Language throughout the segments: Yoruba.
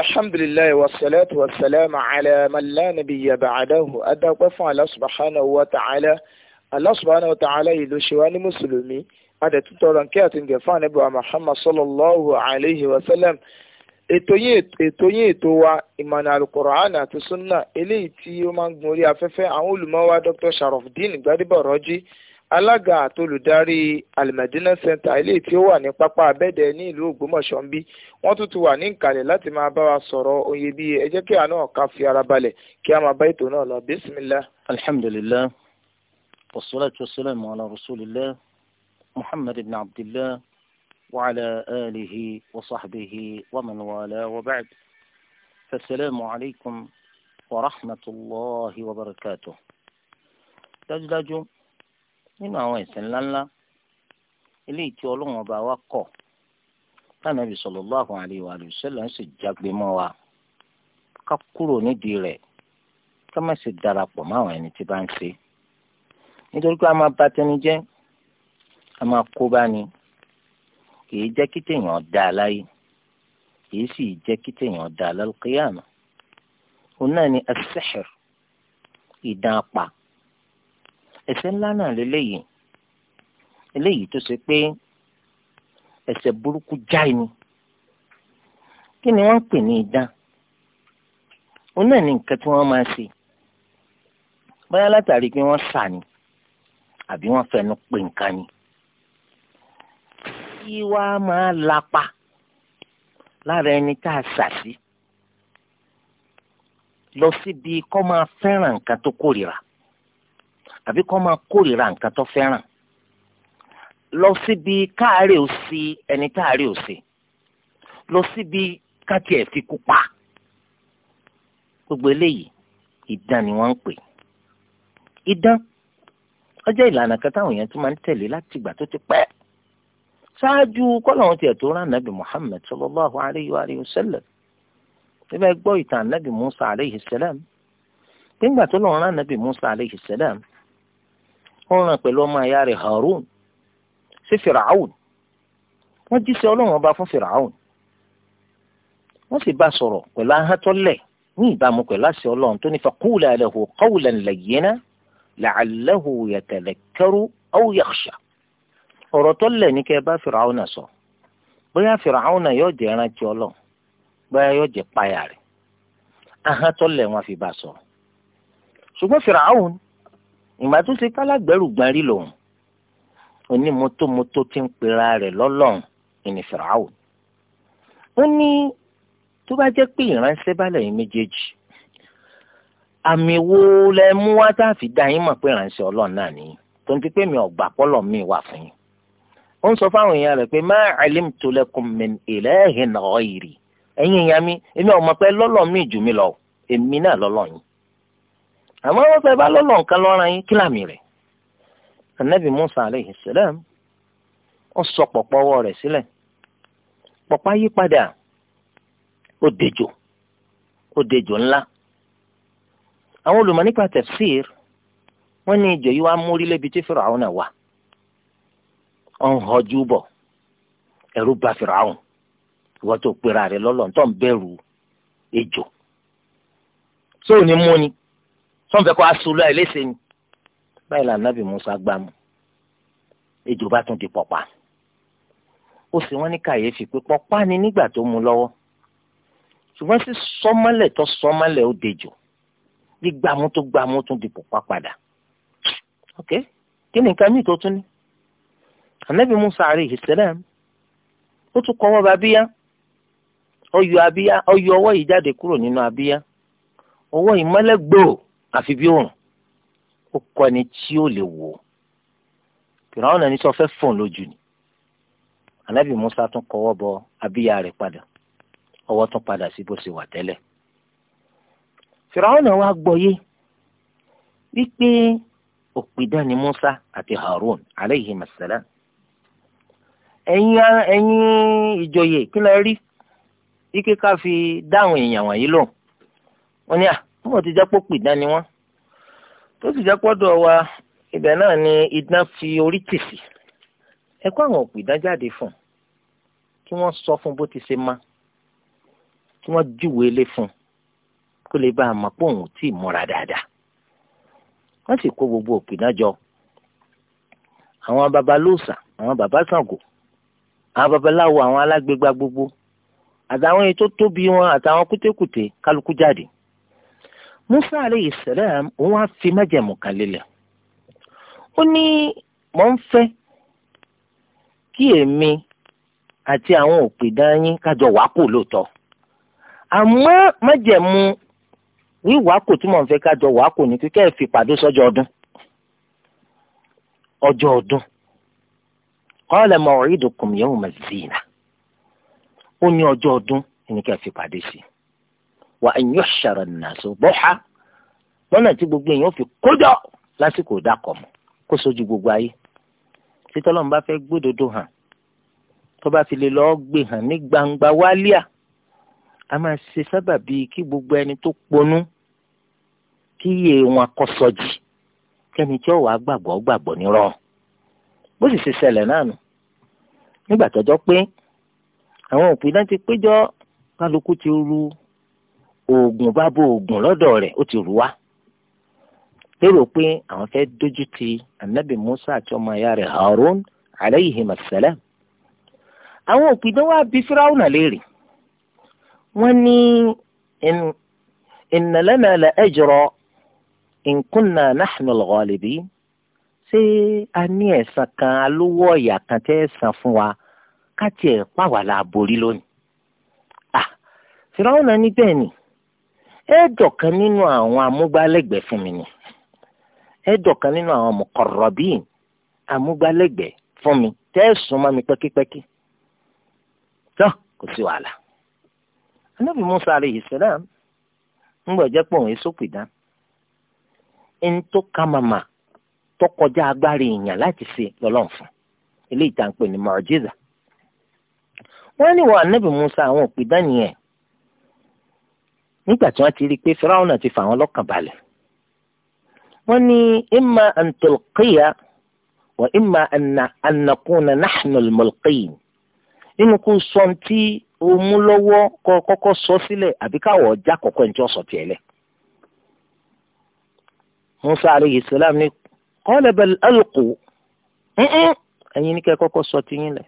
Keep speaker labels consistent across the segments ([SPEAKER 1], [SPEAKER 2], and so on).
[SPEAKER 1] alhamdulilayi wasalaatu wasalaamu ala malanabi yabacadahu adakwe fún alasubaxanahu wa ta'ala alasubaxanahu wa ta'ala yìí ló ṣe wá ní mùsùlùmí adẹ̀tún tọrọ nkí àti ngẹ̀fà níbi wa muhammad sallallahu alayhi wa sallam ètò yín ètò wa ìmọ̀nà alukur'an àti sunna eléyìí tí ó máa ń gun orí afẹ́fẹ́ àwọn olùmọ̀ wa dr sharafdin gbadebo rọ́jí alága àtolùdarí alimadina center ilé tí ó wà ní pápá abẹ́dẹ ní ìlú ògbómọ̀ṣọ́ ń bí wọ́n tún ti wà ní ìkàlẹ̀ láti máa bá wa sọ̀rọ̀ oyè bí ẹ kí àánú ọ̀ka fi ara balẹ̀ kí a máa bá ètò náà lọ bísímilá.
[SPEAKER 2] alhamdulilah
[SPEAKER 1] wasalaatu wasalaamu ala rasulillah muhammad
[SPEAKER 2] ibn abdillah wa alihi wa sahbihi wa fasalaamu alaykum wa rahmatulahi wa barakatuh. dájúdájú nínú àwọn ẹ̀ṣẹ̀ ńláńlá eléyìí tí ọlọ́run ọba wa kọ̀ tánàbì sallallahu alaihi wa sallam sì jágbe mọ́ wa ká kúrò nídìí rẹ̀ ká má sì darapọ̀ mọ́ àwọn ẹni tí bá ń ṣe nítorí pé a máa bà tẹni jẹ́ a máa kó bá ni kìí jẹ́ kí tèèyàn dáa láyé kìí sì jẹ́ kí tèèyàn dáa lálùkíyàmá òun náà ni as ìdán apá ẹ̀ṣẹ̀ ńlá náà lélẹyìí eléyìí tó ṣe pé ẹ̀ṣẹ̀ burúkú jáì ni kí ni wọ́n ń pè ní idán òun náà ní nǹkan tí wọ́n máa ṣe bóyá látàrí pé wọ́n sà ni àbí wọ́n fẹnu pè nǹkan ni tí wá máa lapa lára ẹni tá a sà sí lọ síbi kó máa fẹ́ràn nǹkan tó kórìíra àbí kọ́ máa kórìíra nǹkan tó fẹ́ràn lọ síbi káàárẹ̀ ò sí ẹni táàárẹ̀ ò sí lọ síbi káàtì ẹ̀ fi kú pa gbogbo eléyìí ìdán ni wọ́n ń pè ìdán ọjọ́ ìlànà kan táwọn èèyàn tún máa ń tẹ̀lé láti ìgbà tó ti pẹ́ ṣáájú kọ́lọ́hún tiẹ̀ tó rán nàbì Muhammad sallallahu alayhi wa alihi wa sallam níbẹ̀ gbọ́ ìtàn nàbì Musa alayhi salam nígbà tó lọ́ọ́ rán nàbì Musa alayhi salam ó ràn pẹ̀lú ọmọ ìyá rẹ̀ Harun sí Firaun wọ́n jíṣẹ́ ọlọ́run ọba fún Firaun wọ́n sì bá sọ̀rọ̀ pẹ̀lú ahọ́tọ́lẹ̀ ní ìbámu pẹ̀lú àṣẹ ọlọ́run tó ní faqula lahu qawlan layyina la'allahu yatadhakkaru aw yakhsha ọ̀rọ̀ tó lẹ̀ ní kẹ́ ẹ bá Firaun sọ bóyá Firaun yóò jẹ́ ẹrántí ọlọ́run bóyá yóò jẹ́ páyà rẹ̀ ahọ́n wọn fi bá sọ ṣùgbọ́n Firaun ìgbà tó ṣe kálágbẹ́rù gbárí lòun onímọ́tómọ́tó ti ń pera rẹ̀ lọ́lọ́run ìní fìràwọ̀ ó ní tó bá jẹ́ pé ìránṣẹ́ bá lẹ́yìn méjèèjì àmì wo lẹ mú wá tá a fi dá yín mọ̀ pé ìránṣẹ́ ọlọ́run náà nìyí tó ń ti pé mi ọ̀gbà pọ́lọ̀ mi wà fún yín ó ń sọ fáwọn èèyàn rẹ̀ pé ma alimtu lakum min ilahin ghairi ẹ̀yin èèyàn mi èmi ò mọ̀ pé lọ́lọ́ mi jù mí lọ èmi náà lọ́lọ́ yín àmọ́ wọ́n fẹ́ bá lọ́nà nǹkan lọ́ra yín kí làmì rẹ̀ anabi musa aleyhi salam ó sọ pọ̀pọ̀ ọwọ́ rẹ̀ sílẹ̀ pọ̀pọ̀ ayípadà ó dejò ó dejò ńlá àwọn olùmọ̀ nípa tafsir wọ́n ní ìjọ yìí wá mórí lébi tí Fìràwọn wà ó ń họjú bọ̀ ẹ̀rù bà Fìràwọn ìwọ́n tó pera rẹ̀ lọ́lọ́ tó ń bẹ̀rù ejò sóò ní múni. So, sọ́nfẹ́ kó aṣọ olú àìlèṣe ni báyìí là nàbì Musa gbà mú ejò bá tún di pọ̀pá ó sì wọ́n ní kàyéfì pé pọ̀pá ni nígbà tó mú lọ́wọ́ ṣùgbọ́n sí sọ́mọ́lẹ̀ tó sọ́mọ́lẹ̀ ó dejò gbígbàmú tó gbàmú tún di pọ̀pá padà ok kí ni nǹkan míì tó tún ní anabi Musa alayhi salam ó tún kọ́ wọ́n babíyá ó yọ abíyá ó yọ ọwọ́ yìí jáde kúrò nínú abíyá ọwọ́ yìí mọ́lẹ̀ gbòò àfi bí òrùn ó kọ́ ẹni tí ó lè wò ó fìràwọn ẹni tí wọ́n fẹ́ fòun lójú ni anábì Musa tún kọ́wọ́ bọ abíyá rẹ̀ padà ọwọ́ tún padà sí bó ṣe wà tẹ́lẹ̀ fìràwọn wa gbọ́yé wípé òpìdán ni Musa àti Harun aleyhi masalam ẹ̀yin ẹ̀yin ìjòyè kí lẹ rí ike ká fi dáhùn èèyàn wọ̀nyí lóhùn wọ́n ní à wọ́n ti jẹ́ pé pìdán ni wọ́n tó sì jẹ́ pọ́dọ̀ wa ibẹ̀ náà ni idán fi orí tì sí ẹ kó àwọn òpìdán jáde fún kí wọ́n sọ fún bó ti ṣe má kí wọ́n júwèé lé fún kó lè bá a mọ̀ pé òun ò tí ì múra dáadáa wọ́n sì kó gbogbo òpìdán jọ àwọn babalóòsà àwọn babasàgò àwọn babaláwo àwọn alágbègbà gbogbo àtàwọn èyí tóbi wọn àtàwọn kútèkùtè kálukú jáde musa aleyhi salam ó wá fi májẹ̀mú kan lélẹ̀ ó ní mò ń fẹ́ kí èmi àti àwọn òpìdán yín kájọ wàá kò lóòótọ́ àmọ́ májẹ̀mú wíwàá kò tí mò ń fẹ́ kájọ wàá ní kíkẹ́ fi pàdé sọ́jọ́ ọdún ọjọ́ ọdún qala maw'idukum yawma zina ó ní ọjọ́ ọdún ẹni kẹ́ fi pàdé sí i wa an yuhshara an-nasu duha lọ́nà tí gbogbo èèyàn fi kójọ lásìkò dákọ̀ mọ́ kó sojú gbogbo ayé tí Ọlọ́run bá fẹ́ gbódodo hàn tó bá fi lè lọ́ọ́ gbé hàn ní gbangba wálíà a máa ṣe sábàbí kí gbogbo ẹni tó ponú kí iye wọn kọ́ sọjì kẹ́ni tí ó wàá gbàgbọ́ gbàgbọ́ nírọ̀ bó sì ṣe ṣẹlẹ̀ náà nù nígbà tọ́jọ́ pé àwọn òpin náà ti péjọ kálukú ti ru oògùn bá bo oògùn lọ́dọ̀ rẹ̀ ó ti rù wá lérò pé àwọn fẹ́ dójú ti anabi musa àti ọmọ ìyá rẹ̀ harun alayhim assalam àwọn òpìdán wá bí firawuna léèrè wọ́n ní inna lana la ajra in kunna nahnu al-ghalibin ṣé a ní ẹ̀san kan alówó ọ̀yà kan tẹ́ ẹ̀san fún wa ká tiẹ̀ pàwọ́ la borí lónìí. Ah, firawuna ní bẹ́ẹ̀ ni. ẹ̀ẹ́dọ̀kan nínú àwọn amúgbálẹ́gbẹ̀ẹ́ fún mi ni ẹ̀ẹ́dọ̀kan nínú àwọn mọ̀kọ̀rọ̀bíìn amúgbálẹ́gbẹ̀ẹ́ fún mi tẹ́ẹ̀sùn mọ́ mi pẹ́kípẹ́kí tó kò sí wàhálà. anábì musa alayhi salam ń gbọ̀jẹ́ pé òun èso pìdán ń tó ká tó kọjá agbára èèyàn láti ṣe lọ́lọ́run fún eléyìí tá à ń pè ní mọ̀ọ́jíza. wọ́n musa àwọn nìyẹn nígbà tí wọ́n ti rí i pé firaun náà ti fà wọ́n lọ́kàn balẹ̀ wọ́n ní imma an tulqiya wa imma an nakuna nahnu al-mulqiyin nínú kó sọ tí o mú lọ́wọ́ kọ́ kọ́kọ́ sọ sílẹ̀ àbí káwọ̀ ọjà kọ̀kọ́ ní sọ tiẹ̀ lẹ̀. musa aleyhi salam ní qala bal alqu ẹ̀yin ní kẹ́ kọ́kọ́ sọ tiyín lẹ̀.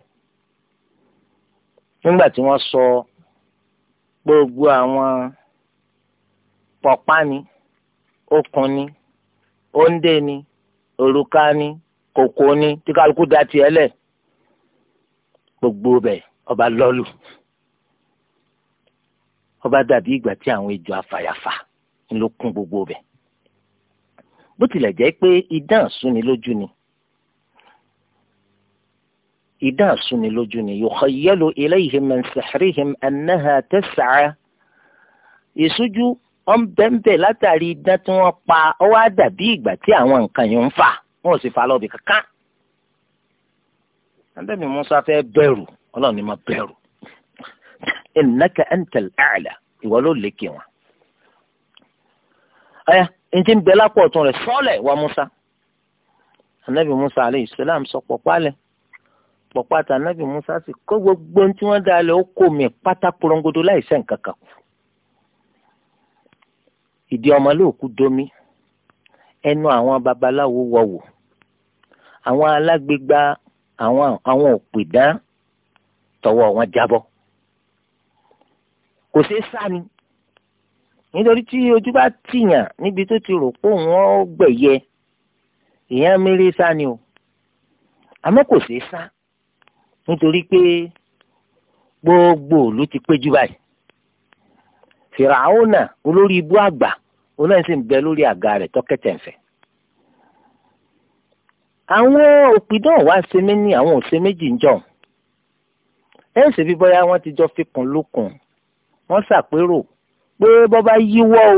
[SPEAKER 2] nígbà tí wọ́n sọ gbogbo àwọn pọ̀pá ni okùn ni òǹdè ni òrùka ni kòkó ni tí kálukú da tiẹ̀ lẹ̀ gbogbo bẹ̀ ọba lọ́lù ọba dàbí ìgbà tí àwọn ejò afàyàfà ló kún gbogbo bẹ̀ bó tilẹ̀ jẹ́ pé idán súni lójú ni idán súni lójú ni yukhayyalu ilayhim min sihrihim annaha tas'a ìṣújú wọ́n bẹ́ńbẹ́ látàrí idán tí wọ́n pa ó wá dàbí ìgbà tí àwọn nǹkan yìí ń fà wọn ò sì fa lọ́ọ̀bì kankan. àdàbí Musa fẹ́ bẹ̀rù ọlọ́run ni mo bẹ̀rù innaka antal a'la ìwọ ló lékè wọn. ọ̀yà njẹ́ ń bẹ lápò ọ̀tún rẹ̀ sọ́ọ̀lẹ̀ wa Musa. ànábì Musa aleyhi salam sọ pọ̀ pálẹ̀ pọ̀ pátá ànábì Musa sì kó gbogbo tí wọ́n dá lẹ̀ ó kó mi pátákó ìdí ọmọ lóòkú domi ẹnu àwọn babaláwo wọwò àwọn alágbègbà àwọn àwọn òpìdán tọ́wọ́ wọn jábọ́ kò ṣeé sá ni nítorí tí ojú bá tìyàn níbi tó ti rò pé òun ó gbẹ̀yẹ ìyẹn méré sá ni o àmọ́ kò ṣeé sá nítorí pé gbogbo òlu ti péjú báyìí fìràwọ́nà olórí ibú àgbà òun náà sì ń bẹ lórí àga rẹ̀ tọ́kẹ̀tẹ̀ ń àwọn òpìdán wa ṣe mí ní àwọn òṣè méjì ń jọ ẹ ṣe bí bóyá wọ́n ti jọ fikùn lukùn wọ́n ṣàpérò pé bọ́ bá o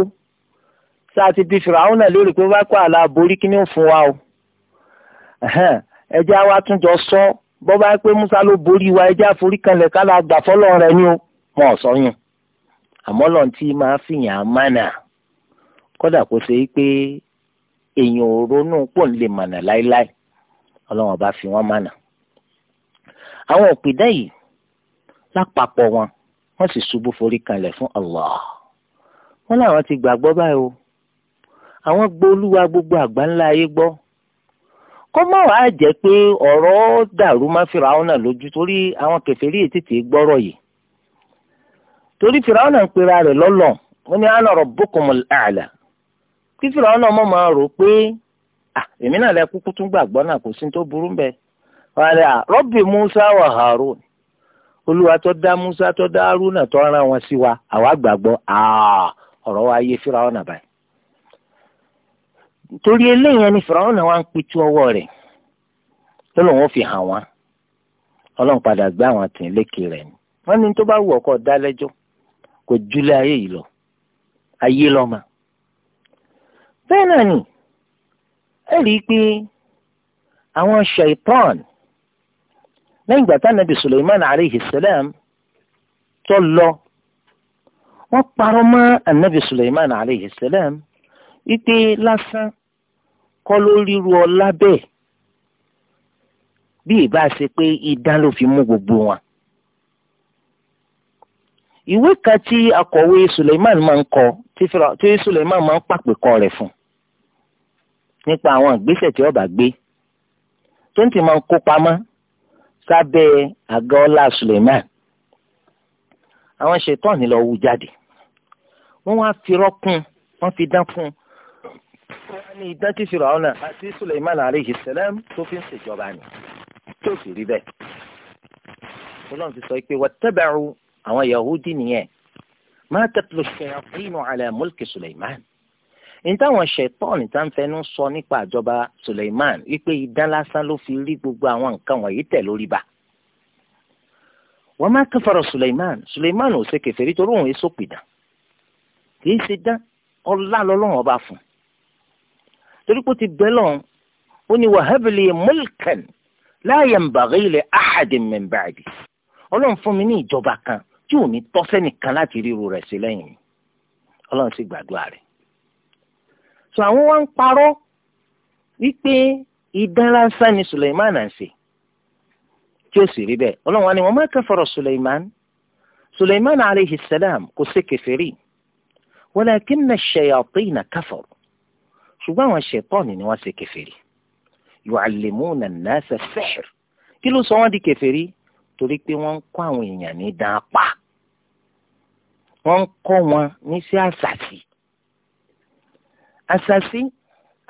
[SPEAKER 2] sáà ti di fìràwọn náà lórí pé bá kọ́ àlà borí kí ni ó fún wa o ẹjẹ́ àwa tún jọ sọ bọ́ bá pé Musa ló borí wa ẹjẹ́ àforí kanlẹ̀ ká la gbà fọ́lọ́ rẹ ni o wọn ò sọ yún àmọ́ lọ́n tí máa fìyàn á mánà kódà kó ṣe pé èèyàn ò ronú pò ń lè mànà láéláé ọlọ́run bá fi wọ́n mànà. àwọn òpìdá yìí lápapọ̀ wọn wọ́n sì ṣubú forí kanlẹ̀ fún Allah wọ́n láwọn ti gbàgbọ́ báyìí o àwọn gbọ́ olúwa gbogbo àgbáńlá ayé gbọ́ kó má wàá jẹ́ pé ọ̀rọ̀ dàrú má Fíráúnà lójú torí àwọn kèfèrí ètètè gbọ́rọ̀ yìí torí Fíráúnà ń pera rẹ̀ lọ́lọ́ wọ́n ní ana rabbukumul a'la kí fìlà ọ̀nà ọmọ máa rò pé èmi náà lẹ kúkú tún gbàgbọ́ náà kò sí tó burú bẹ́ẹ̀ wàhálà rọ́bì Musa wà Harun olúwa tó dá Musa tó dá Haruna tó wọn sí wa àwa gbàgbọ́ ọ̀rọ̀ wa yé fìlà ọ̀nà báyìí torí ni fìlà ọ̀nà wa ń pitú ọwọ́ fi hàn ọlọ́run padà gbé àwọn lékè rẹ̀ ni wọ́n ní tó bá wù ọkọ̀ ayé yìí lọ bẹ́ẹ̀ náà ni ẹ rí i pé àwọn ṣaitan lẹ́yìn ìgbà tá nàbì Sulaiman alayhi salam tó lọ wọ́n parọ́ mọ́ ànábì Sulaiman alayhi salam wípé lásán kọ́ ló ríru ọlá bẹ́ẹ̀ bí ìbá ṣe pé idán ló fi mú gbogbo wọn ìwé kan tí akọ̀wé Suleiman máa ń kọ tí Suleiman máa ń pàpè kọ rẹ̀ fún nípa àwọn ìgbésẹ̀ tí ọba gbé tó ń tì máa ń kó pamọ́ sábẹ́ àga ọlá Suleiman àwọn ṣètọ́ọ̀nì lọ wú jáde wọ́n wá fi rọ́kùn wọ́n fi dán fún un wọ́n ní idán tí Firaona àti Suleiman aleyhi salam tó fi ń ṣèjọba ni tó sì rí bẹ́ẹ̀ ọlọ́run ti sọ pé wattaba'u àwọn yahudi nìyẹn ma tatlu shayatinu ala mulki suleiman nítawọn ṣẹtọ́ọ̀nì tá ń fẹnu sọ nípa àjọba suleiman wípé idán lásán ló fi rí gbogbo àwọn nǹkan wọ̀nyí tẹ̀ lórí bá wa ma kafara suleiman suleiman ò ṣe kèfèrí torí òun èso pìdán kì í ṣe dán ọlá lọ́lọ́run ọba fún torí pé ó ti bẹ́ lọ́run ó ní wahabli mulkan la yanbaghi li ahadin ọlọ́run fún mi ní ìjọba kan tí ò ní tọ́sẹ́ nìkan láti ríru rẹ̀ sí lẹ́yìn mi ọlọ́run sì gbàdúrà rẹ̀. sọ àwọn wá ń parọ́ wípé idán lásán ni Suleiman ń ṣe tí ó sì rí bẹ́ẹ̀ ọlọ́run wa ni wọ́n máa kẹfọ́rọ̀ Suleiman Suleiman aleyhi salam kò ṣe kèfèrí walakinna ash-shayatina kafaru ṣùgbọ́n àwọn ṣẹ̀tọ́ọ̀nì ni wọ́n ṣe kèfèrí yu'allimuna an-nasa as-sihr kí ló sọ wọ́n di kèfèrí torí pé wọ́n ń kọ́ àwọn èèyàn ní dán pa wọ́n ń kọ́ wọn ní sí àṣàṣì àṣàṣì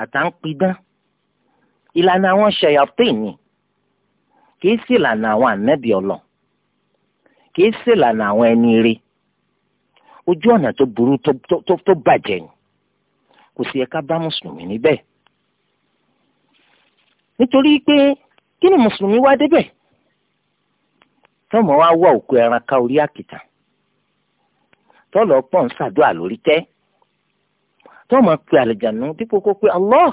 [SPEAKER 2] àtàǹpidán ìlànà àwọn ṣayàtìn ni kìí sí ìlànà àwọn ànábì ọlọ kìí sí ìlànà àwọn ẹni rí ojú ọ̀nà tó burú tó bàjẹ́ ni kò sí ẹ̀ka bá mùsùlùmí níbẹ̀ nítorí pé kí ni mùsùlùmí wá débẹ̀ tọ́mọ wa wọ òkú ẹran ká orí àkìtàn tọ́lọ̀ pọ̀ ń ṣàdúrà lórí tẹ́ tọ́mọ pe àlejànú dípò kó pe Allah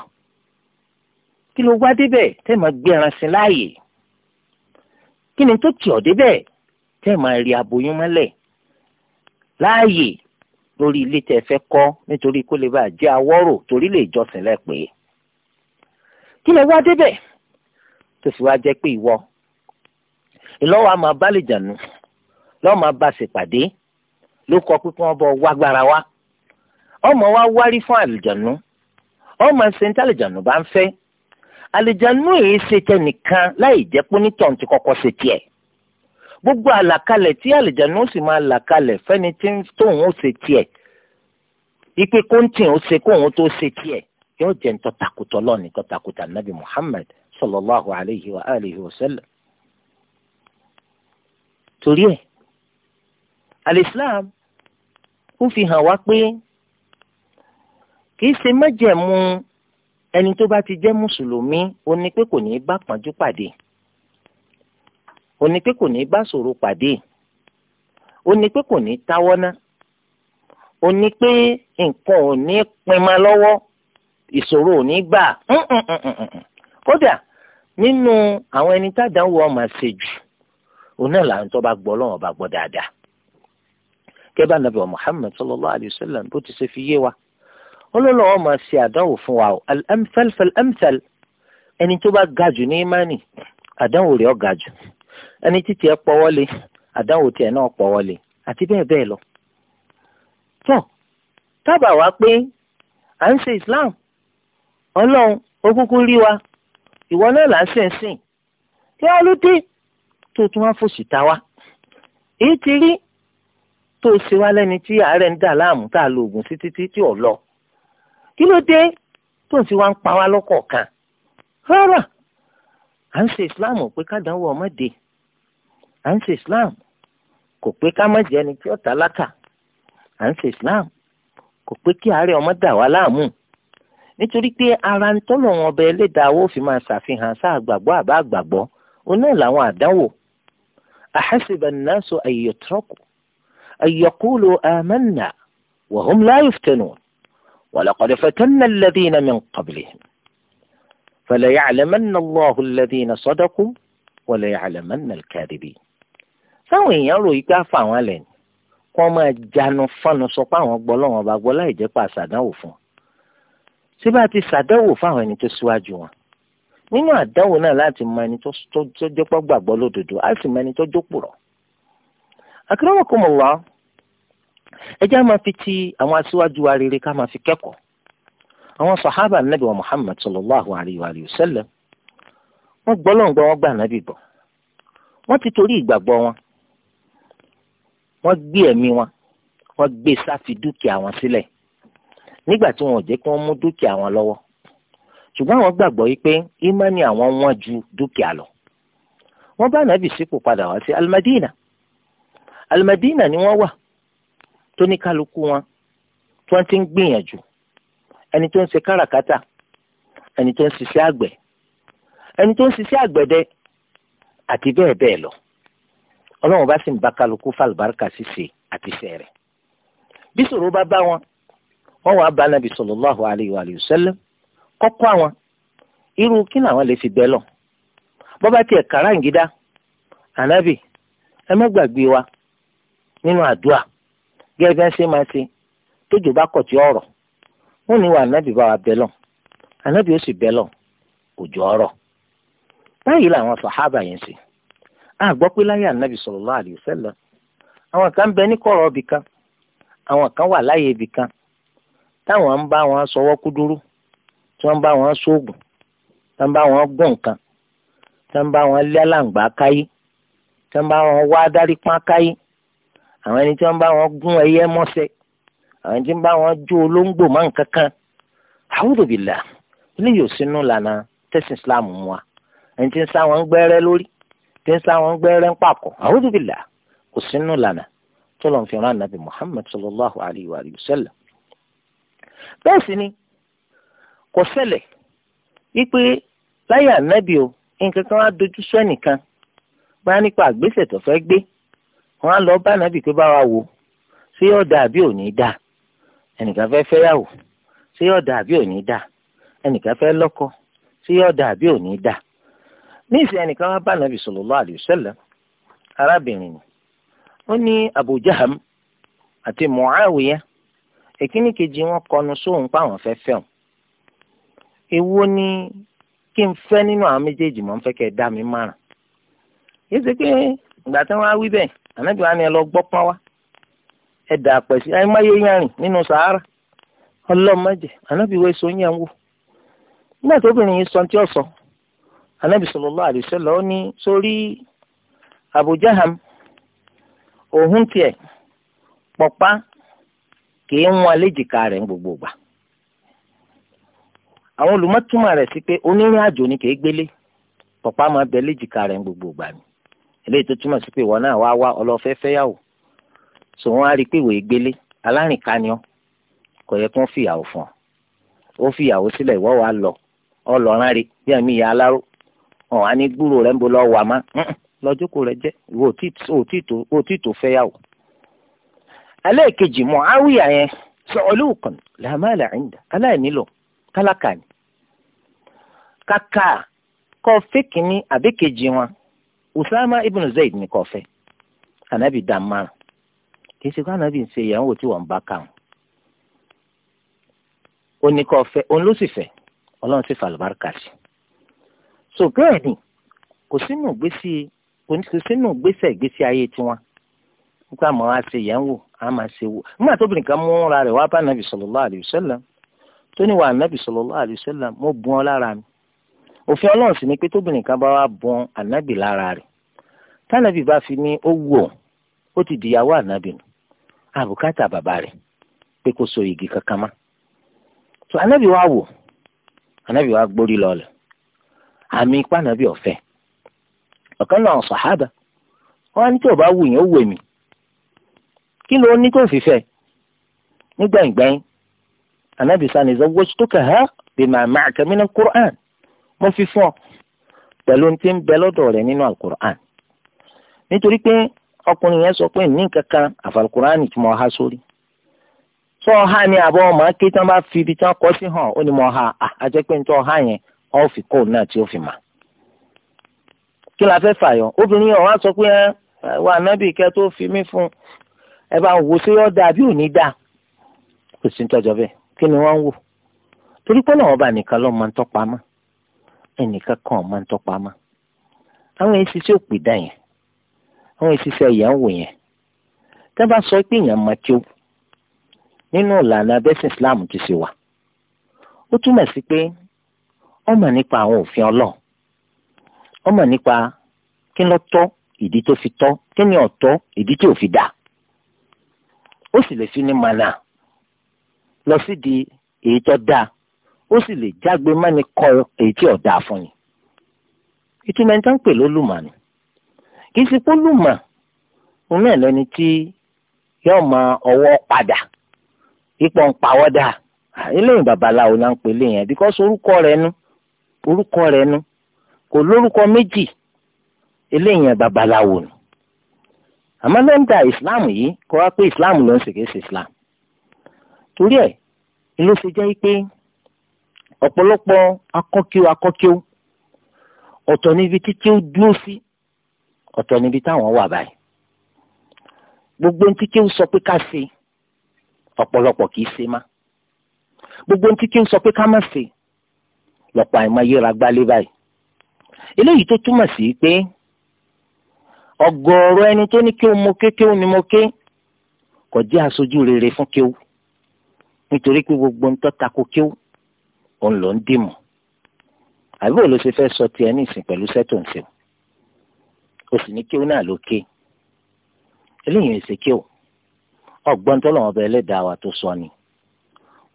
[SPEAKER 2] kí ló wá débẹ̀ tẹ́ máa gbé ẹran sí láàyè kí ni tó tì ọ́ débẹ̀ tẹ́ máa rí aboyún mọ́lẹ̀ láàyè lórí ilé tẹ́ fẹ́ kọ́ nítorí kó lè bàa jẹ́ awọ́rò torí lè jọsìn lẹ́pẹ́ kí ló wá débẹ̀ tó sì wá jẹ́ pé ìwọ ìlọ́wọ́ àmọ́ abálẹ̀jànú lọ́ọ́ máa bá ṣèpàdé ló kọ pé kí wọ́n bọ wágbára wa ọmọ wa wárí fún àlìjànú ọmọ ṣe ń tàlìjànú bá ń fẹ́ àlìjànú yìí ṣe tẹnìkan láì jẹ́ pé onítọ̀hún ti kọ́kọ́ ṣe tiẹ̀ gbogbo àlàkalẹ̀ tí àlìjànú sì máa làkalẹ̀ fẹ́ni tí tóun ó ṣe tiẹ̀ ipe kóńtì ó ṣe kóun tó ṣe tiẹ̀ yóò jẹ́ ń tọ́takùtọ̀ lọ́ọ̀ni tọ́takùtà nàbì Muhammad sallallahu alayhi wa alihi wa sallam torí ẹ̀ alislam ó fi hàn wá pé kì í ṣe májẹ̀mú ẹni tó bá ti jẹ́ mùsùlùmí ó ní pé kò ní í bá pọ́njú pàdé ó ní pé kò ní í bá ṣòro pàdé ó ní pé kò ní í táwọ́ ná ó ní pé nǹkan ò ní pinma lọ́wọ́ ìṣòro ò ní gbà kódà nínú àwọn ẹni tá àdánwò ọmọ àṣejù òun náà là ń tọ́ bá gbọ́ lọ́wọ́ bá gbọ́ dáadáa kẹ́bà nàbẹ̀ wa Muhammad sallallahu alayhi wa sallam bó ti ṣe fi yé wa ọlọ́lọ́wọ́ máa ṣe àdánwò fún wa o al-amthal fal-amthal ẹni tó bá ga jù ní imani àdánwò rẹ̀ ó ga jù ẹni títí ẹ pọ́wọ́lé àdánwò tiẹ̀ náà pọ́wọ́lé àti bẹ́ẹ̀ bẹ́ẹ̀ lọ. tó tábà wá pé à ń ṣe Islam ọlọ́run ó kúkú rí wa ìwọ náà là ń ṣe ń sìn kí wọ́n ló dé tó tún wá fòṣì ta wá èyí ti rí tó o ṣe wá lẹ́ni tí àárẹ̀ ń dà láàmú tá a lo oògùn sí títí tí ò lọ kí ló dé tó ń ti wá ń pa wá lọ́kọ̀ọ̀kan rárá à ń ṣe islam pé kádàáwọ̀ ọmọdé à ń ṣe islam kò pé ká má jẹ́ ẹni tí ó tálákà à ń ṣe islam kò pé kí àárẹ̀ ọmọ dà wá láàmú nítorí pé ara ń tọ́lọ̀ wọn ọbẹ̀ ẹlẹ́dàá ó fi máa ṣàfihàn sáà gbàgbọ́ àbá àgbàgbọ́ oná làwọn àdánwò أحسب الناس أن يتركوا أن يقولوا آمنا وهم لا يفتنون ولقد فتنا الذين من قبلهم فليعلمن الله الذين صدقوا وليعلمن الكاذبين فوين يروا يكافا ولين وما جانو فانو سوطان وقبلون وقبلون وقبلون وقبلون وقبلون وقبلون وقبلون وقبلون nínú àdánwò náà láti mọ ẹni tó jọpọ̀ gbàgbọ́ lódodo á sì mọ ẹni tó jópòrọ̀. akramakumullah ẹ jẹ́ máa fi ti àwọn aṣíwájú wa rere ká máa fi kẹ́kọ̀ọ́ àwọn sàhábà nàbì wa muhammad sallallahu alayhi wa sallam wọ́n gbọ́ lóun gbọ́ wọ́n gbà nàbì bọ̀ wọ́n ti torí ìgbàgbọ́ wọn wọ́n gbé ẹ̀mí wọn wọ́n gbé sáfi dúkìá wọn sílẹ̀ nígbà tí wọn ò jẹ́ kí wọ́n mú dúkìá wọn lọ́wọ́ ṣùgbọ́n àwọn gbàgbọ́ yìí pé ìmánì àwọn wọ́n ju dúkìá lọ wọ́n bá nàbì sípò padà wá sí alimadina alimadina ni wọ́n wà tó ní kálukú wọn tí wọ́n ti ń gbìyànjú ẹni tó ń ṣe káràkátà ẹni tó ń ṣiṣẹ́ àgbẹ̀ ẹni tó ń ṣiṣẹ́ àgbẹ̀dẹ àti bẹ́ẹ̀ bẹ́ẹ̀ lọ ọlọ́run bá sì ń bá kálukú fàlùbáríkà ṣíṣe àti iṣẹ́ rẹ̀ bí ṣòro bá bá wọn wọ́n wàá bá nàbì sallallahu alayhi wa sallam kọ́kọ́ àwọn irú kí làwọn lè fi bẹ́ẹ̀ lọ bọ́bá tiẹ̀ kàráǹgídá anabi ẹ má gbàgbé wa nínú àdúrà gẹ́gẹ́ bí máa ṣe tójò bá kọ̀ tí ọ̀rọ̀ wọ́n ní wa ànábì bá wa bẹ́ẹ̀ lọ ó sì lọ òjò a gbọ́ pé láyé ànábì sallallahu alaihi àwọn kan bẹ ní kọ̀rọ̀ ibì kan àwọn kan wà láyé ibì kan táwọn ń bá wọn tí wọ́n bá wọn sóògùn tí wọ́n bá wọn gùn nǹkan tí wọ́n bá wọn lé alàǹgbá káyé tí wọ́n bá wọn wá adarí pán káyé àwọn ẹni tí wọ́n bá wọn gún ẹyẹ mọ́sẹ̀ àwọn ẹni tí wọ́n bá wọn jó olóńgbò mọ́ nǹkan kan àwùjọ bìlà ilé yóò sínú lànà tẹ̀sán Islam mu wa ẹni tí ń sá wọn gbẹ́rẹ́ lórí tí ń sá wọn gbẹ́rẹ́ ń pàkọ́ àwùjọ kò sínú lànà tó lọ́n fi rán nàbì Muhammad sallallahu alayhi wa sallam bẹ́ẹ̀ sì ni kò ṣẹlẹ̀ wípé láyé ànábì o nǹkan kan á dojú sọ ẹnìkan bá nípa àgbésẹ̀ tó fẹ́ gbé wọn á lọ bá ànábì pé bá wa wò ṣé yóò àbí ò ní enika fe fẹ́ fẹ́yàwó ṣé yóò àbí ò ní enika ẹnìkan lọkọ si ṣé yóò àbí ò ní ní ìsìn ẹnìkan wá bá ànábì sallallahu arábìnrin ni ó ní wọn kọnu sóhun èwo ni kí n fẹ́ nínú àwọn méjèèjì mọ̀ n fẹ́ kẹ́ ẹ dá mi márùn yìí ṣe pé ìgbà tí wọ́n á wí bẹ́ẹ̀ wa ni ẹ lọ gbọ́pọ́n wá ẹ dà pẹ̀sí ẹ má yé rìn nínú sahara ọlọ́mọdé ànábì wo èso yẹn wò nígbà tó obìnrin yìí sọ tí ó sọ ànábì ní sórí àwọn olùmọ̀túmọ̀ rẹ̀ sí pé onírìn àjò ni kìí gbélé pọ̀pá máa bẹ léjìká rẹ̀ ń gbogbo ìgbà ni eléyìí tó túmọ̀ sí pé ìwọ náà wá wá ọlọ́fẹ́ fẹ́yàwó sọ wọn á rí i pé ìwòye gbélé alárìnká ni kò yẹ kí wọ́n fìyàwó fún ọ ó fìyàwó sílẹ̀ ìwọ wa lọ ọ lọ rán rí bí àmì ìyá aláró ọ̀hún á ní gbúrò rẹ̀ ń bo lọ́ọ́ wà lọ́jọ́kọ rẹ̀ jẹ́ ìwọ òtí tó fẹ́yàwó. ẹlẹ́ẹ̀kejì mọ̀ áwìyà yẹn sọ̀ọ́lù kan làmàlà ẹ̀ńdà aláìnílò tálákà ni kàkà kọ́ fẹ́ẹ̀kì ní àbẹ́kejì wọn Usama ibn Zayd ní kọ́ fẹ́ anabi dàn márùn kì í ṣe kó anabi ń ṣe ìyàwó tí wọ́n bá kà wọ́n oníkọ̀ọ́fẹ́ òun sì fàlùbáríkà sí. so bẹ́ẹ̀ ni kò sínú gbèsè kò sínú gbèsè gbèsè ayé tiwọn nípa àmọ́ àṣeyẹ̀wò àmọ́ àṣewò nígbà tóbi nìkan mú ra rẹ̀ wá bá nàbì sallallahu alaihi wasallam tó ní wà ànábì sallallahu alaihi wasallam mo bùn ọ lára mi òfin ọlọ́run sì ni pé tóbìnrin kan bá wá bùn ànábì lára rẹ̀ tánàbì bá fi ní ó wù ọ́ ó ti dìyàwó ànábì nù àbùkátà bàbá rẹ̀ pé kò so igi kankan mọ́ tó ànábì wá wò ànábì wá gbórí lọ́lẹ̀ àmì ipá ànábì ọ̀fẹ́ ọ̀kan náà sàhábà wọn ní tí ò bá wù yín ó wù mí kí ló ní tó fi fẹ́ nígbẹ̀ngbẹ̀yìn anábì sani zawwajtukaha bima ma'aka mina qur'an mo fi fún ọ pẹ̀lú Pelu ntin bẹ lọ́dọ̀ n'inu nínú alukur'an nítorí pé ọkùnrin yẹn sọ pé ní kankan ha sórí tó ọha ni àbọ̀ ọmọ ké tí wọ́n bá fi ibi tí wọ́n kọ́ sí hàn ó ní mo ha àjẹ́ pé nítorí ọha yẹn wọ́n fi kóòdù na tí ó fi mà. kí la fẹ́ fàyọ obìnrin yẹn fún kí ni wọ́n ń wò torí pé lọ́wọ́ bá nìkan lọ́ máa ń tọ́pa mọ́ ẹnìkan kan máa ń tọ́pa mọ́ àwọn èsì tí ò pè dá yẹn àwọn èsì tí ẹ̀yà ń wò yẹn tẹ́ bá sọ pé èèyàn máa kí ó nínú ìlànà abẹ́sìn Islam ti ṣe wà ó túmọ̀ sí pé ó mọ̀ nípa àwọn òfin Ọlọ́run ó mọ̀ nípa kí ló tọ́ ìdí tó fi tọ́ kí ni ọ̀tọ́ ìdí tí ò fi dá ó sì lè fi ní mànà lọ sídìí èyí tó dáa ó sì lè jágbe mọ́ni kọ́ èyí tí ò dáa fún ni. ìtumọ̀ ẹni tó ń pè lólùmọ̀ ni kì í ṣe pé lùmọ̀ òun náà lẹni tí yóò mọ ọwọ́ padà ipò ń pawọ́ dáa eléyìí babaláwo náà ń pè léyìn ẹ̀ bíkọ́sì orúkọ rẹ̀ nu orúkọ rẹ̀ nu kò lórúkọ méjì eléyìí ẹ̀ babaláwo nù àmọ́ lẹ́ńdà ìsìláàmù yìí kọ́ wá pé ìsìláàmù ló ń ṣèké sí ìsìláàmù torí ẹ̀ ló ṣe jẹ́ pé ọ̀pọ̀lọpọ̀ akọ́kíó akọ́kíó ọ̀tọ̀ níbi títí ó dúró sí ọ̀tọ̀ níbi táwọn wà báyìí gbogbo ohun tí kí ó sọ pé ká ṣe ọ̀pọ̀lọpọ̀ kì í ṣe má gbogbo ohun tí kí ó sọ pé ká má ṣe lọ́pọ̀ àìmọ̀ yíra gbálé báyìí eléyìí tó túmọ̀ sí pé ọ̀gọ̀ọ̀rọ̀ ẹni tó ní kí o mo ké ni mo ké kò jẹ́ aṣojú rere fún kí nítorí pé gbogbo ń tọ́ta kó kíw òun ló ń dìmú àbí òun ló ṣe fẹ́ sọ tiẹ̀ ní ìsìn pẹ̀lú sẹ́tò ń sèw o sì ní kíw náà ló ké eléyìí ṣe kíw ọgbọ́n tó lọ́wọ́ bẹ́ẹ̀ lẹ́dàá wa tó sọ ni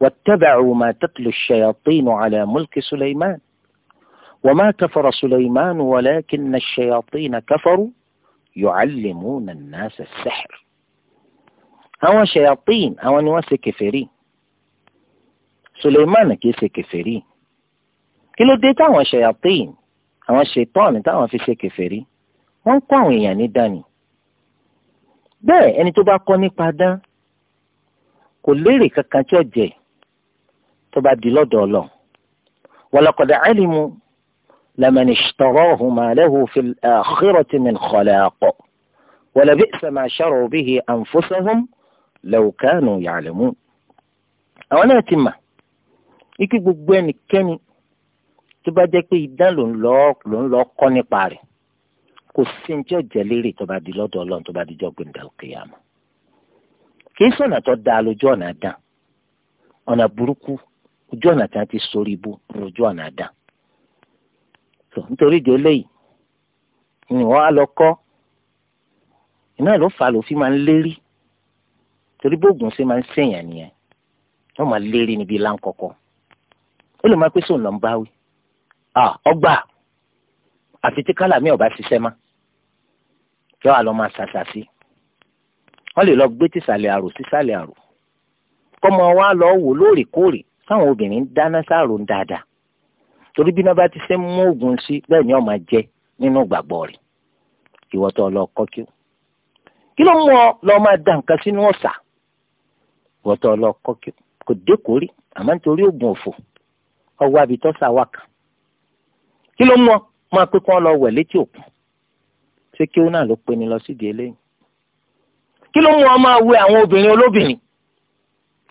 [SPEAKER 2] واتبعوا ما تتلو الشياطين على ملك سليمان وما كفر سليمان ولكن الشياطين كفروا يعلمون الناس السحر àwọn ṣayatin àwọn ni wọ́n ṣe kèfèrí suleiman kìí ṣe kèfèrí kí ló dé táwọn ṣayatin àwọn ṣetán táwọn fi ṣe kèfèrí wọ́n ń kó àwọn èèyàn ní dání bẹ́ẹ̀ ẹni tó bá kọ́ nípa dán kò lérè kankan tí ó jẹ tó bá di lọ́dọ̀ ọlọ́ walaqad alimu laman ishtarahu ma lahu fil akhirati min khalaq walabi'sa ma sharu bihi anfusahum law kanu ya'lamun àwọn náà ti mà. ike gbogbo ẹnikẹ́ni tó bá jẹ́ pé idán ló ń lọ ló ń lọ kọ́ nípa rẹ̀ kò sí ní jọ jẹ́ lérè tó bá di lọ́dọ̀ ọlọ́run tó bá di jọ gbẹ̀ndà òkèèyàn tó lójú ọ̀nà dàn ọ̀nà burúkú ojú ọ̀nà tí ti sórí ibú lójú ọ̀nà dàn nítorí ìdí ni wọ́n á lọ kọ́ iná ló fi máa ń lérí torí bóògùn ó lè máa pé sóun náà ń báwí ọgbà àfi tí kálàmì ọba ṣiṣẹ́ má yọ àlọ́ máa ṣàṣàṣì wọ́n lè lọ gbé tìsàlẹ̀ àrò sísàlẹ̀ àrò kọ́mọ wa lọ wò lóòrèkóòrè táwọn obìnrin dáná sáàrò ń dáadáa torí bí náà bá ti ṣe ń mú oògùn sí bẹ́ẹ̀ ni ó máa jẹ nínú ìgbàgbọ́ rẹ̀ ìwọ tó lọ kọ́ kí o kí ló mú ọ lọ máa da nǹkan sínú ọ̀sà ìwọ tó lọ kọ́ kí o kò dé kórè àmọ́ nítorí oògùn òfò ọwọ́ àbítọ́ sàwà kan kí ló mọ máa pé kí lọ wẹ̀ létí òkun ṣé kí ó náà ló pe ni lọ sídìí eléyìí kí ló mú ọ máa wẹ àwọn obìnrin olóbìnrin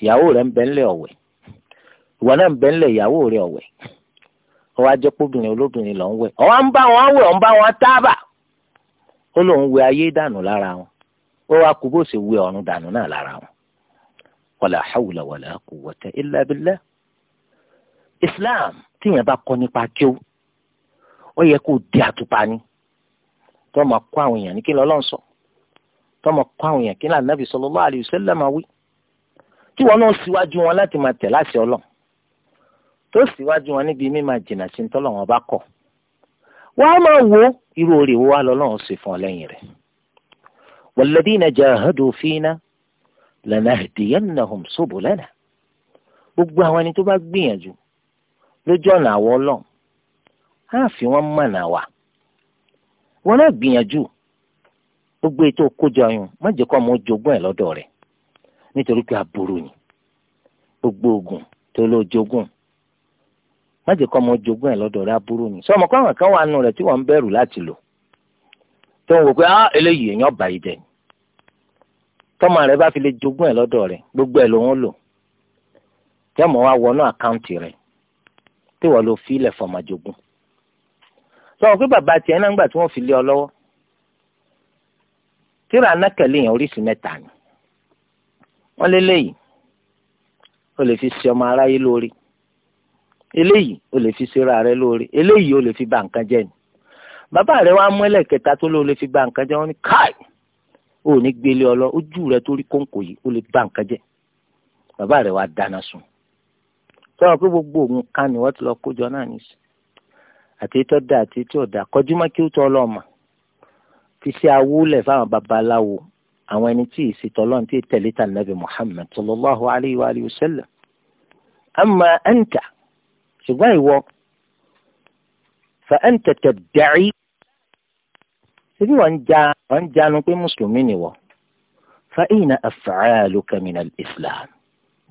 [SPEAKER 2] ìyàwó rẹ ń bẹ ńlẹ̀ ọ̀wẹ̀ ìwọ náà ń bẹ ìyàwó rẹ olóbìnrin lọ ń ń bá wọn ń bá wọn tábà ó lóun wẹ ayé dànù lára wọn ó wá islam tíyẹn bá kọ́ nípa kíó ó yẹ kó di àtùpà ni tó máa kọ́ àwọn èèyàn ní kí lọ́lọ́ sọ tó máa kọ́ àwọn èèyàn kí lọ́lọ́ nàbì sallallahu alaihi wasallam wí tí wọn náà síwájú wọn láti máa tẹ̀ láti ọlọ́ tó síwájú wọn níbi mímá jìnnà sí ń tọ́lọ̀ wọn bá kọ̀ wọ́n á máa wo irú orí wo wá lọ́lọ́run sì fún ọ lẹ́yìn rẹ̀ walladhina jahadu fina lanahdiyannahum subulana gbogbo àwọn ẹni tó bá gbìyànjú lójú ọ̀nà àwọ̀ ọlọ́run á fi wọ́n mọ̀nà wà wọn náà gbìyànjú gbogbo ètò òkójọ ọyún má jẹ́ kó ọmọ jogún ẹ̀ lọ́dọ̀ rẹ̀ nítorí pé aburú ni gbogbo ogun tó lọ má jẹ́ kó ọmọ ẹ̀ lọ́dọ̀ rẹ̀ aburú ni kan wà nù rẹ̀ tí wọ́n ń bẹ̀rù láti lò tó ń wò pé ah eléyìí èèyàn yìí tọ́mọ rẹ̀ bá fi lè jogún ẹ̀ lọ́dọ̀ tí wọ́n lọ fi ilẹ̀ fọmọdógún sọ pé bàbá tiẹ̀ náà ń gbà tí wọ́n fi lé ọ lọ́wọ́ tíra anákẹ́lẹ́ yẹn oríṣìí mẹ́ta ni wọ́n lé léyìí o lè fi ṣe ọmọ aráyé lórí eléyìí o lè fi ṣera rẹ lórí eléyìí o lè fi ba nǹkan jẹ́ ni bàbá rẹ wàá mú ẹlẹ́kẹta tó ló lè fi ba nǹkan jẹ́ wọ́n ní káì o ò ní gbélé ọ lọ ojú rẹ torí kóńkò yìí o lè ba nǹkan jẹ́ bàbá rẹ wàá dáná sun sọ̀rọ̀ pé gbogbo òun kan ni wọ́n ti lọ kójọ náà nìyí àti tó da àti tó da kọjú mọ́ kí ó tọ́ ọlọ́mà fi ṣe awúlẹ̀ fáwọn babaláwo àwọn ẹni tí ìṣètò ọlọ́run tí tẹ̀lé ta nàbì Muhammad sallallahu alayhi wa sallam amma anta ṣùgbọ́n ìwọ fa anta tadda'i ṣébí wọ́n já wọ́n jánu pé mùsùlùmí ni wọ́ fa ina af'aluka min al-islam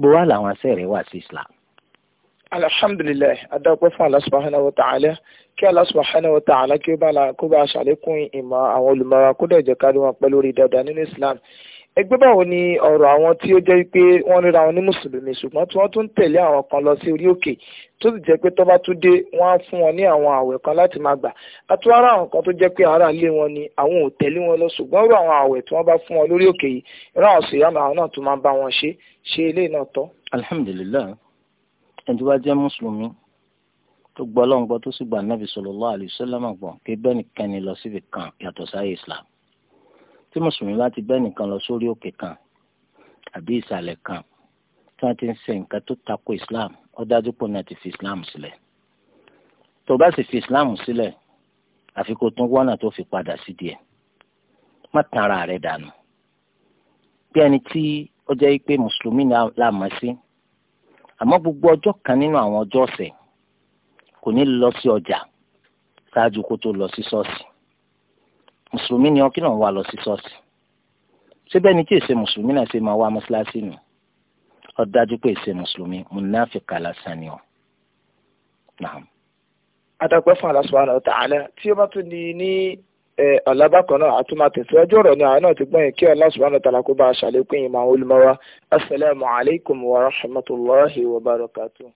[SPEAKER 2] bó wà láwọn asẹ́rẹ̀ wá sí islam
[SPEAKER 1] alhamdulilayi adáwọ̀pẹ́ fún Allah subhanahu wa ta'ala kí Allah subhanahu wa ta'ala kí ó bá la kó bá ṣàlékún ìmọ̀ àwọn olùmọ̀ra kó dẹ̀ jẹ́ kárí wọn pẹ́ lórí dáadáa nínú Islam ẹgbẹ́ báwo ni ọ̀rọ̀ àwọn tí ó jẹ́ pé wọ́n ríra wọn ní mùsùlùmí ṣùgbọ́n tí wọ́n tún ń tẹ̀lé àwọn kan lọ sí orí òkè tó sì jẹ́ pé tó bá tún dé wọ́n á fún wọn ní àwọn àwẹ̀ kan láti máa gbà àti ara àwọn kan tó jẹ́ pé ara ilé wọn ni àwọn ò tẹ̀lé wọn lọ ṣùgbọ́n irú àwọn àwẹ̀ tí wọ́n bá fún wọn lórí òkè yìí irú àwọn sèyámà àwọn náà tún máa ń bá wọn ṣe ṣe eléyìí náà tọ́.
[SPEAKER 2] alhamdulilayi ẹni tó bá jẹ́
[SPEAKER 1] mùsùlùmí tó gbọ́
[SPEAKER 2] Ọlọ́run gbọ́ tó sì gba nàbì sallallahu alaihi wasallam gbọ́ kí bẹ́nìkan ni lọ síbi kan yàtọ̀ sáyé islam tí mùsùlùmí bá ti bẹ́nìkan lọ sórí òkè kan àbí ìsàlẹ̀ kan tí wọ́n ti ń ṣe nǹkan tó tako islam ó dájú pé náà ti fi islam sílẹ̀ tó bá sì fi islam sílẹ̀ àfi kó tún wọ́nà tó fi padà sí díẹ̀ má tan ara rẹ̀ dànù bí ẹni tí ó jẹ́ pé mùsùlùmí la mọ̀ sí àmọ́ gbogbo ọjọ́ kan nínú àwọn ọjọ́ ọ̀sẹ̀ kò ní lọ sí ọjà ṣáájú kó tó lọ sí ṣọ́ọ̀ṣì mùsùlùmí ni ọkí náà wà lọ sí ṣọ́ọ̀ṣì síbẹ̀ ni kí èsè mùsùlùmí náà ṣe máa wá mọ́ṣáláṣí nù ó dájú pé èsè mùsùlùmí mùnáfíkà lásán ni ọ.
[SPEAKER 1] adàpẹ́ fún Allah subhanahu wa tí ó bá tún ní ní ọ̀la bákan náà àtúmọ̀ tẹ̀síwájú ọ̀rọ̀ ni àwọn náà ti gbọ́n yìí kí Allah subhanahu wa ta'ala kó bá a ṣàlékún yìí máa ń olùmọ́wá asalaamualeykum wa rahmatulahi wa barakatuh.